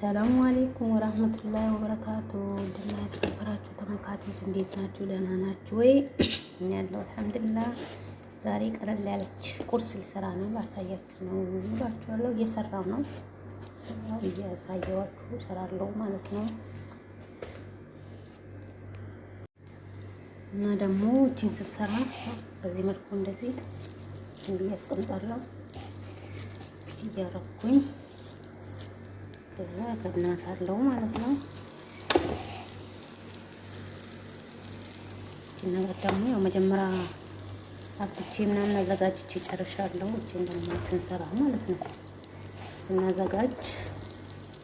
ሰላሙ አሌይኩም ወራህመቱላሂ ወበረካቱ። ድና የተከበራችሁ ተመልካቾች እንዴት ናችሁ? ደህና ናችሁ ወይ? እኔ ያለው አልሐምዱሊላህ። ዛሬ ቀለል ያለች ቁርስ ልሰራ ነው፣ ላሳያችሁ ነው እላችኋለሁ። እየሰራው ነው እያሳየዋችሁ ሰራለሁ ማለት ነው። እና ደግሞ እቺን ስትሰራ በዚህ መልኩ እንደዚህ እንዲያስቀምጣለሁ እያረኩኝ ከዛ አለው ማለት ነው። እቺን ነገር ደግሞ ያው መጀመሪያ አብትቼ ምናምን አዘጋጅቼ ጨርሻለሁ። እቺን ደግሞ ስንሰራ ማለት ነው ስናዘጋጅ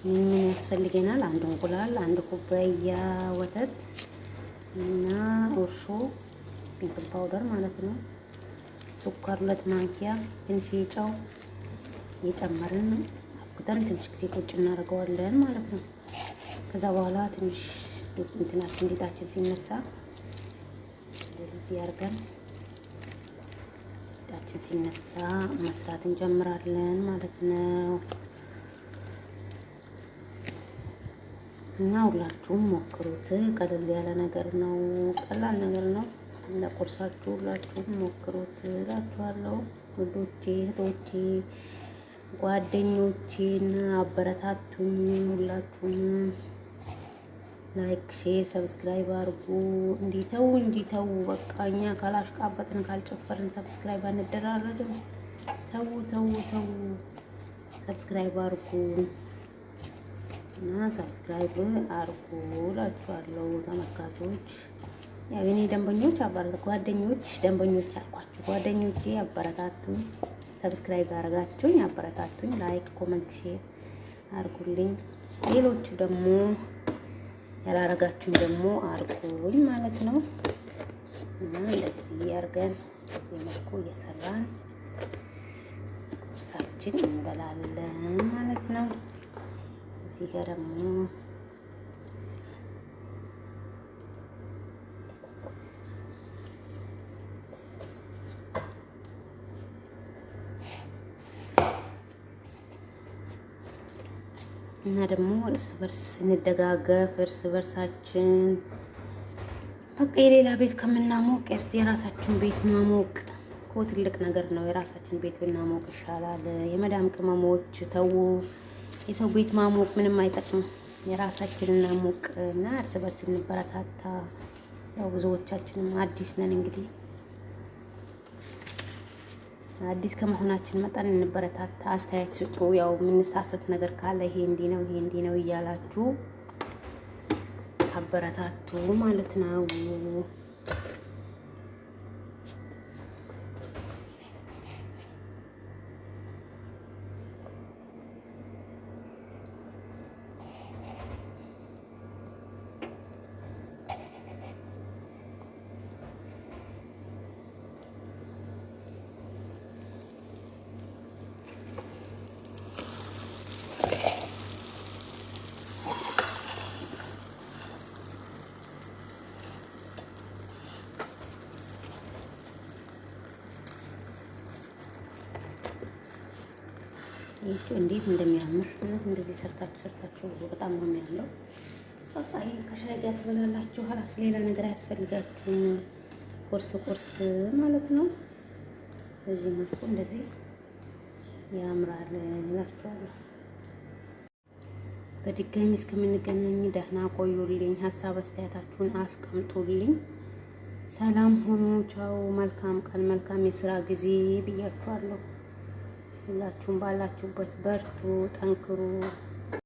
ምን ምን ያስፈልገናል? አንድ እንቁላል፣ አንድ ኩባያ ወተት እና እርሾ ቤኪንግ ፓውደር ማለት ነው። ስኳር ሁለት ማንኪያ፣ ትንሽ ጨው የጨመርን ቁጥር ትንሽ ጊዜ ቁጭ እናደርገዋለን ማለት ነው። ከዛ በኋላ ትንሽ እንትናችን ጌጣችን ሲነሳ እንደዚህ አድርገን ጌጣችን ሲነሳ መስራት እንጀምራለን ማለት ነው። እና ሁላችሁም ሞክሩት። ቀለል ያለ ነገር ነው፣ ቀላል ነገር ነው። ለቁርሳችሁ ሁላችሁም ሞክሩት እላችኋለሁ ውዶቼ እህቶቼ። ጓደኞቼን አበረታቱኝ። ሁላችሁም ላይክ፣ ሼር፣ ሰብስክራይብ አርጉ እንዲተው እንዲተው በቃ እኛ ካላሽቃበጥን ካልጨፈርን ሰብስክራይብ አንደራረግም። ተው ተው ተው፣ ሰብስክራይብ አርጉ እና ሰብስክራይብ አርጉ እላችኋለሁ ተመልካቾች። ያው የኔ ደንበኞች ጓደኞች ደንበኞች አልኳቸው ጓደኞቼ አበረታቱኝ። ሰብስክራይብ አድርጋችሁኝ አበረታቱኝ። ላይክ፣ ኮመንት፣ ሼር አድርጉልኝ። ሌሎቹ ደግሞ ያላረጋችሁኝ ደግሞ አርጉኝ ማለት ነው እና እንደዚህ አርገን የመልኩ እየሰራን ቁርሳችን እንበላለን ማለት ነው። እዚህ ጋር ደግሞ እና ደግሞ እርስ በርስ እንደጋገፍ እርስ በርሳችን በቃ የሌላ ቤት ከምናሞቅ እርስ የራሳችን ቤት ማሞቅ እኮ ትልቅ ነገር ነው። የራሳችን ቤት ብናሞቅ ይሻላል። የመዳም ቅመሞች ተው፣ የሰው ቤት ማሞቅ ምንም አይጠቅም። የራሳችን እናሞቅ እና እርስ በርስ እንበረታታ። ያው ብዙዎቻችንም አዲስ ነን እንግዲህ አዲስ ከመሆናችን መጠን እንበረታታ፣ አስተያየት ስጡ። ያው የምንሳሰት ነገር ካለ ይሄ እንዲህ ነው፣ ይሄ እንዲህ ነው እያላችሁ አበረታቱ ማለት ነው። ይህ እንዴት እንደሚያምር እንደዚህ ሰርታችሁ ሰርታችሁ በጣም ነው የሚያምረው። በቃ ይሄን ከሻይ ጋር ትበላላችሁ። ኋላስ ሌላ ነገር አያስፈልጋችሁም። ቁርስ ቁርስ ማለት ነው። በዚህ መልኩ እንደዚህ ያምራል እላችኋለሁ። በድጋሚ እስከምንገናኝ ደህና ቆዩልኝ። ሀሳብ አስተያየታችሁን አስቀምጡልኝ። ሰላም ሆኖ ቻው። መልካም ቀን፣ መልካም የስራ ጊዜ ብያችኋለሁ። ሁላችሁም ባላችሁበት በርቱ፣ ጠንክሩ።